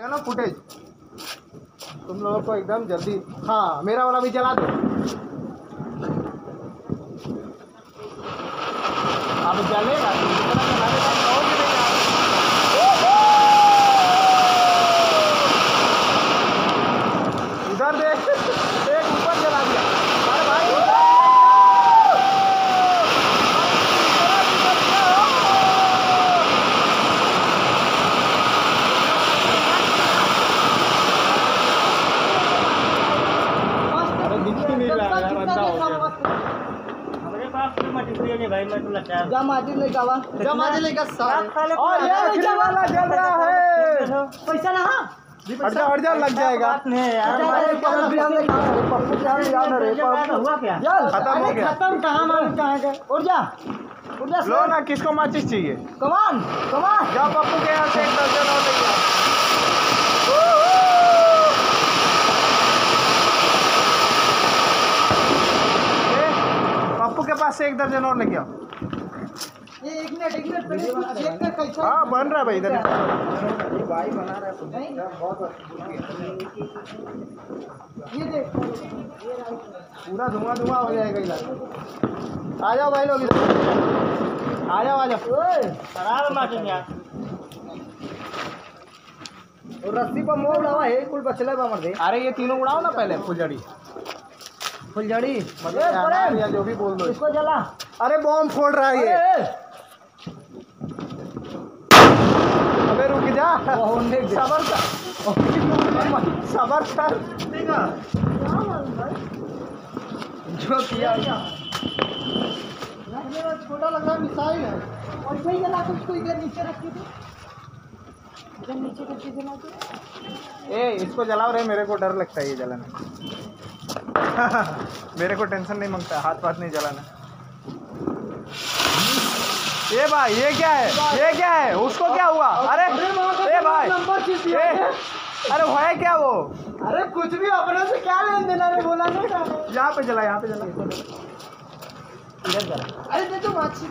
ना फुटेज तुम लोगों को एकदम जल्दी हाँ मेरा वाला भी जला दो अब जलेगा किसको माचिस चाहिए कमान कमान जा पप्पू के यहाँ से एक दर्जन और उसके पास से एक दर्जन और लेके आओ एक मिनट एक मिनट चेक कर कैसा हाँ बन रहा है भाई इधर भाई बना रहा है तो ये देख पूरा धुआं धुआं हो जाएगा इधर आ जाओ भाई लोग इधर आ जाओ आ जाओ खराब नाचेंगे यार और रस्सी पर मोड़ लावा है कुल बचले बा दे अरे ये तीनों उड़ाओ ना पहले फुलझड़ी फुलझड़ी या जो भी बोल दो इसको जला अरे बॉम्ब फोड़ रहा है ये अबे रुक जा सबर सबर कर जो किया छोटा लग रहा मिसाइल है और वही जला इधर नीचे रखी थी ए इसको जलाओ रहे मेरे को डर लगता है ये जलाना मेरे को टेंशन नहीं मांगता हाथ पाथ नहीं जलाना ये भाई ये क्या है ये क्या है उसको क्या हुआ अरे ये तो भाई ये अरे हुआ क्या वो अरे कुछ भी अपने से क्या लेन देना रे बोला नहीं यहाँ पे जला यहाँ पे जला अरे दे तो माचिस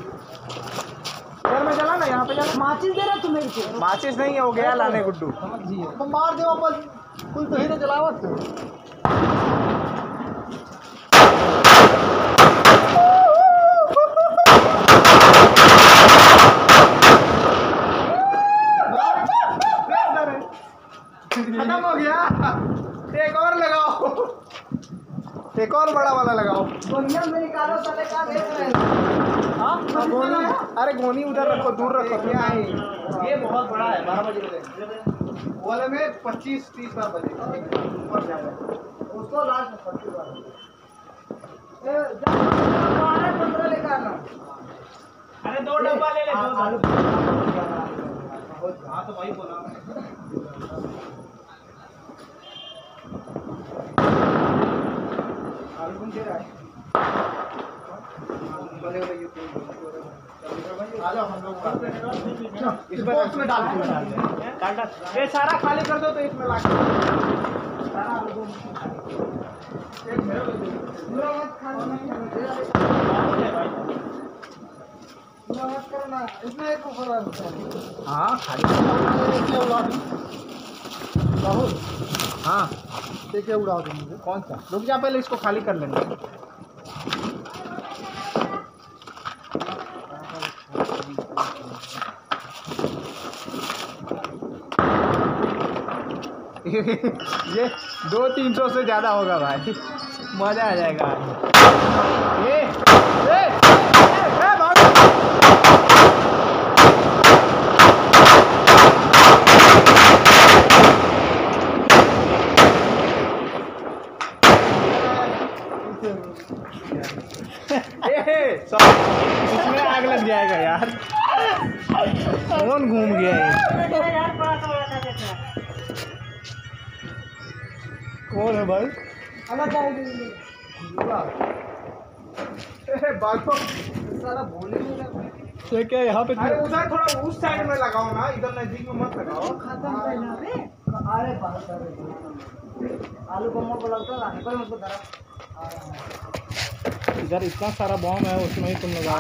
घर में जला ना यहाँ पे जला माचिस दे रहा तुम्हें माचिस नहीं है वो गया लाने गुड्डू तो मार दे वापस कुल तो ही ना तो जलावत अरे गोनी उधर रखो दूर रखो क्या ये बहुत बड़ा है बारह बजे में पच्चीस तीस बार बजे उसको लास्ट लेकर आना अरे दो डब्बा ले ले तो वही बोला आलू कौन दे रहा है इसमें डाल ये सारा खाली कर दो तो इसमें ला तो हाँ खाली हाँ ठीक है उड़ाओ देंगे कौन सा रुक जा पहले इसको खाली कर लेंगे ये दो तीन सौ से ज़्यादा होगा भाई मज़ा आ जाएगा ये, ये। भाई अलग तो ये क्या यहाँ पे अरे तो- उधर थोड़ा उस साइड में लगाओ ना इधर नजदीक में मत लगाओ तो खत्म करना रे अरे बात कर आलू बम को लगता है पर मत धरा इधर इतना सारा बॉम है उसमें ही तुम लगा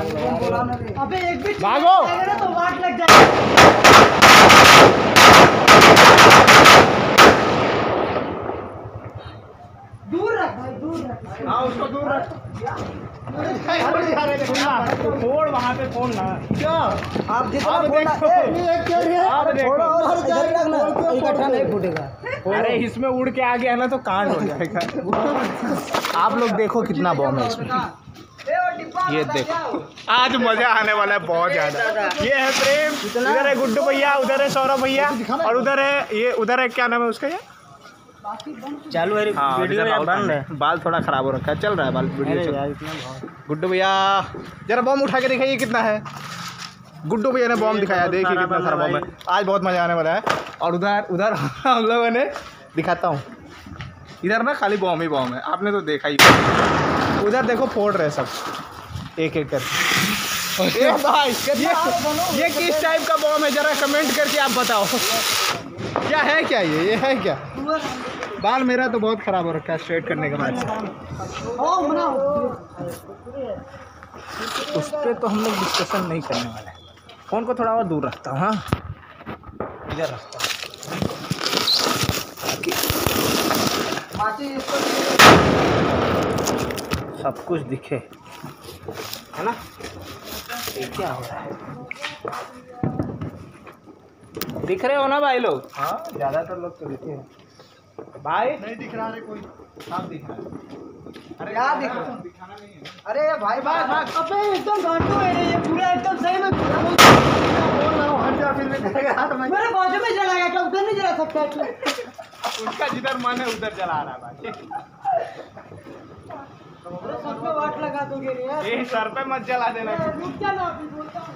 अबे एक भी भागो तो वाट लग जाएगा हाँ, क्या आप देखो अरे इसमें उड़ के आ गया ना तो कांड हो जाएगा आप लोग देखो कितना बॉम है इसमें ये देखो आज मजा आने वाला है बहुत ज्यादा ये है प्रेम इधर है गुड्डू भैया उधर है सौरभ भैया और उधर है ये उधर है क्या नाम है उसका ये तो चालू है हाँ वीडियो तो बाल थोड़ा खराब हो रखा है चल रहा है बाल वीडियो गुड्डू भैया जरा बॉम्ब उठा के दिखाइए कितना है गुड्डू भैया ने बॉम्ब दिखाया तो देखिए कितना सारा बॉम्ब है आज बहुत मज़ा आने वाला है और उधर उधर हम लोगों ने दिखाता हूँ इधर ना खाली बॉम्ब ही बॉम्ब है आपने तो देखा ही उधर देखो फोड़ रहे सब एक एक कर भाई ये ये किस टाइप का बॉम्ब है जरा कमेंट करके आप बताओ क्या है क्या ये ये है क्या बाल मेरा तो बहुत ख़राब हो रखा है स्ट्रेट करने के बाद उस पर तो हम लोग डिस्कशन नहीं करने वाले फ़ोन को थोड़ा और दूर रखता हूँ हाँ इधर रखता सब कुछ दिखे है ना ये क्या हो रहा है दिख रहे हो ना भाई लोग हाँ ज़्यादातर लोग तो दिखे हैं भाई नहीं दिख रहा है कोई साफ दिख रहा है अरे क्या दिख रहा तो नहीं है अरे भाई भाई भाग अबे एकदम घंटों है ये पूरा एकदम सही में बोल रहा हूं हट जा फिर मैं मेरे बाजू में चला गया क्या उधर नहीं जला सकता उसका जिधर मन है उधर जला रहा है भाई सर पे वाट लगा दोगे यार ये सर पे मत जला देना रुक जा ना अभी बोलता हूं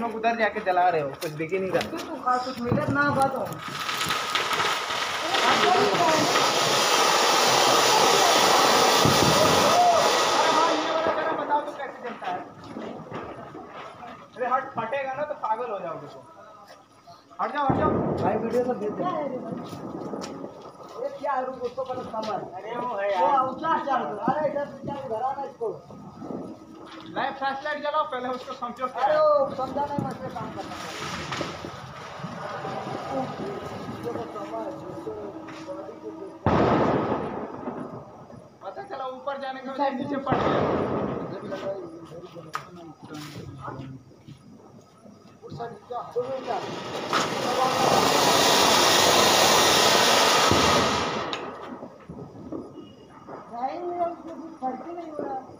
लोग उधर जाके जला रहे हो कुछ दिख ही नहीं रहा तो हट फटेगा ना तो पागल हो जाओगे तुम हट जाओ हट जाओ भाई वीडियो तो सब भेज ये क्या है रुको उसको पर समझ अरे वो है यार वो ऊंचा चल अरे इधर से चल घर आना इसको लाइट जलाओ पहले उसको समझो अरे समझा नहीं काम करना पता चला ऊपर जाने के बजाय नीचे पड़ गया फर्क ही नहीं हो रहा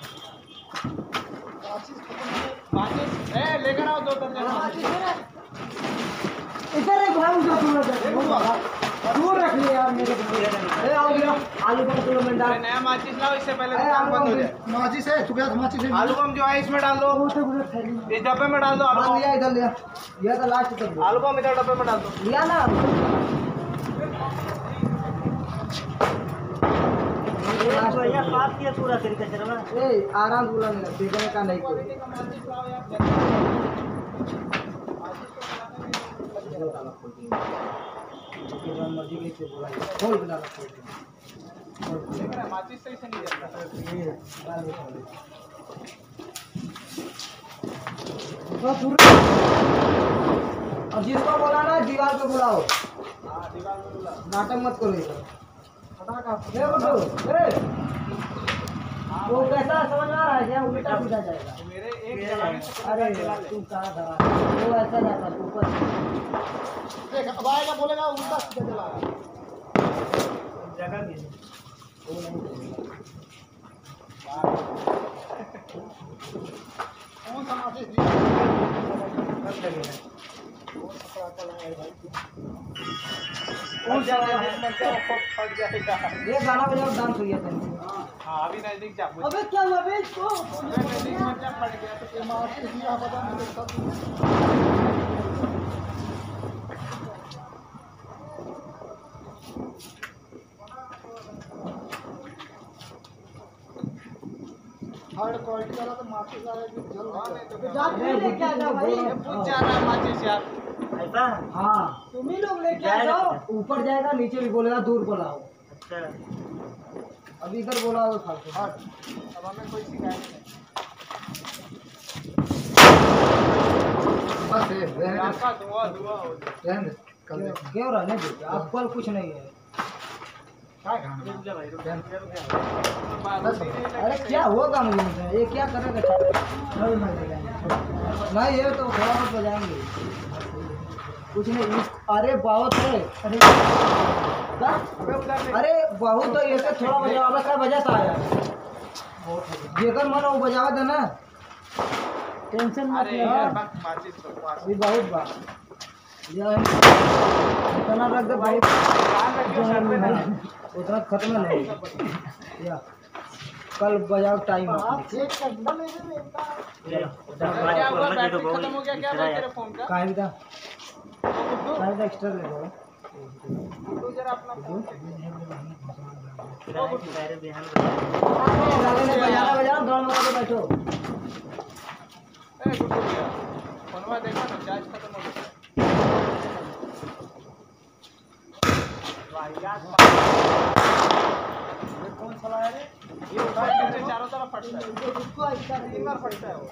लेकर आओ दो इधर एक भाई दूर रख लिया यार मेरे आलू बम किलो डाल नया माचिस लाओ इससे पहले दुकान तो बंद हो जाए माचिस है माचिस है आलू बम जो है इसमें डाल दो इस तो डब्बे में डाल दो आलू लिया इधर लिया ये तो लास्ट तक आलू बम इधर डब्बे में डाल दो लिया ना आराम बोला मेरा देखने का नहीं कोई से नहीं जिसको बोला ना दीवार पे बुलाओ नाटक मत करो वो कैसा समझ आ रहा है क्या उल्टा सीधा जाएगा मेरे एक अरे तू कहाँ धरा वो ऐसा जाता है ऊपर देख अब आएगा बोलेगा उल्टा सीधा चला जगह नहीं वो नहीं कौन सा माचिस दिया कब लगेगा कौन सा चला है भाई ये गाना बजाओ डांस हो गया हां अभी नजदीक जा अबे क्या हुआ बे इसको नजदीक में क्या पड़ गया तो ये मार के दिया पता नहीं सब थर्ड क्वालिटी वाला तो माचिस वाला जल हाँ, तो तो जा ले क्या जा भाई पूछ जा रहा माचिस यार हाँ तुम ही लोग लेके आ जाओ ऊपर जाएगा नीचे भी बोलेगा दूर बोला अच्छा अब इधर बोला तो था अब क्यों रहने कल हाँ। कुछ नहीं है हाँ, अरे क्या होगा मुझे ये क्या करेगा नहीं ये तो थोड़ा बहुत बजाएंगे उसने अरे बहुत है अरे अरे बहुत तो ऐसे थोड़ा बजावा क्या बजा था तो यार जेकर मन वो बजावा था तो ना टेंशन मत ले अभी हाँ। बहुत बा इतना रख दे भाई उतना खत्म नहीं या कल बजाओ हाँ, टाइम काहे बेटा शायद एक्स्ट्रा दे दो कौन सा लाया ये चारों तरफ फटता है इसको इसका रिंगर फटता है वो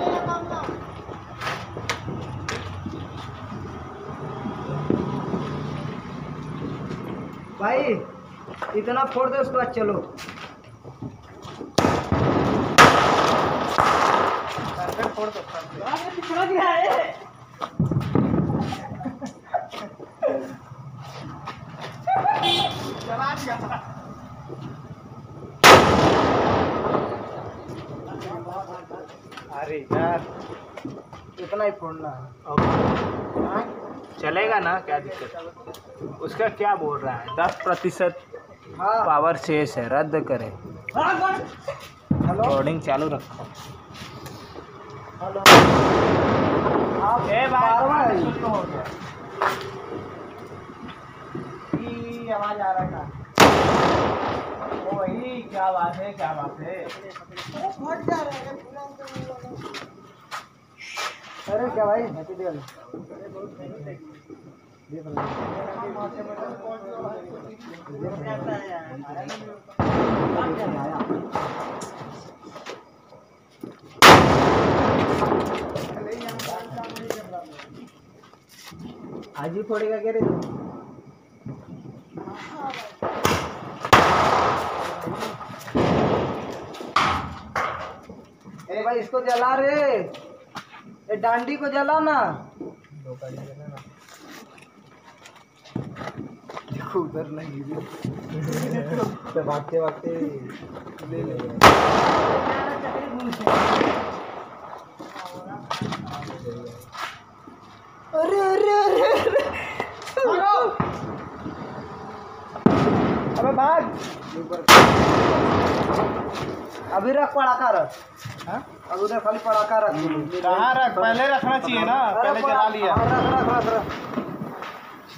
भाई इतना फोड़ दो उसके बाद चलो अरे यार इतना ही फोड़ना है चलेगा ना क्या दिक्कत उसका क्या बोल रहा है दस प्रतिशत पावर शेष है रद्द करें रिकॉर्डिंग चालू रखो आवाज आ रहा था वही क्या बात है क्या बात है अरे क्या भाई हैप्पी आज ही थोड़ी क्या कह रहे अरे भाई इसको जला रहे ये डांडी को जला ना उधर नहीं तो भागते भागते ले ले अरे अरे अरे अबे भाग अभी रख पड़ा कर अब हाँ? उधर खाली पड़ाका रख कहाँ रख हम्म। पहले रखना चाहिए ना पहले जला लिया हाँ,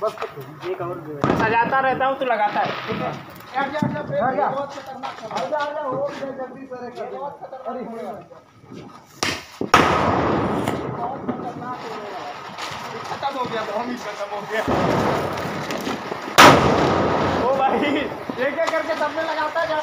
बस तो एक और सजाता रहता हूँ तो लगाता है खत्म हो गया बहुत ही खत्म हो गया ओ भाई एक एक करके सबने लगाता जा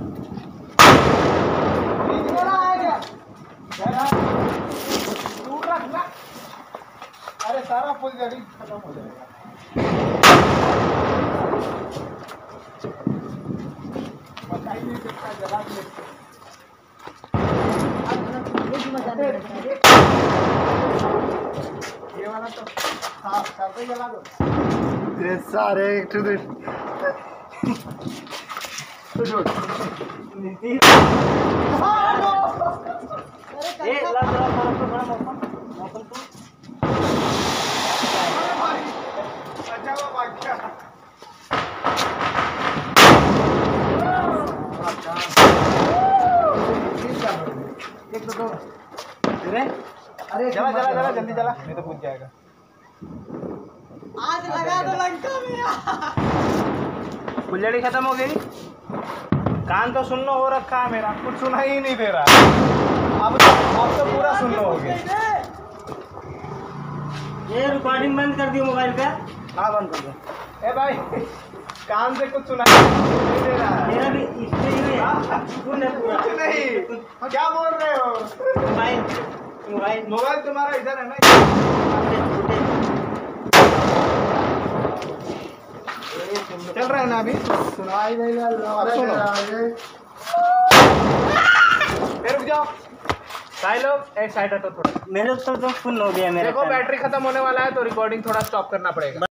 अरे सारा फुल जड़ी खत्म हो जाएगा बताइए नहीं सकता जवाब ये वाला तो साफ साफ ही जला दो ये सारे टू द तो फुलझड़ी खत्म हो गई कान तो सुनना हो रखा है मेरा कुछ सुना ही नहीं दे रहा अब तो, अब तो पूरा सुनना हो गया ये रिकॉर्डिंग बंद कर दी मोबाइल का हाँ बंद कर दो ए भाई कान से कुछ सुना दे रहा मेरा भी हाँ, कुछ नहीं क्या बोल रहे हो मोबाइल मोबाइल तुम्हारा इधर है ना चल रहा है ना अभी सुनाई नहीं रुक जाओ साइड हटो तो थोड़ा मेरे तो फुल तो हो गया मेरे देखो बैटरी खत्म होने वाला है तो रिकॉर्डिंग थोड़ा स्टॉप करना पड़ेगा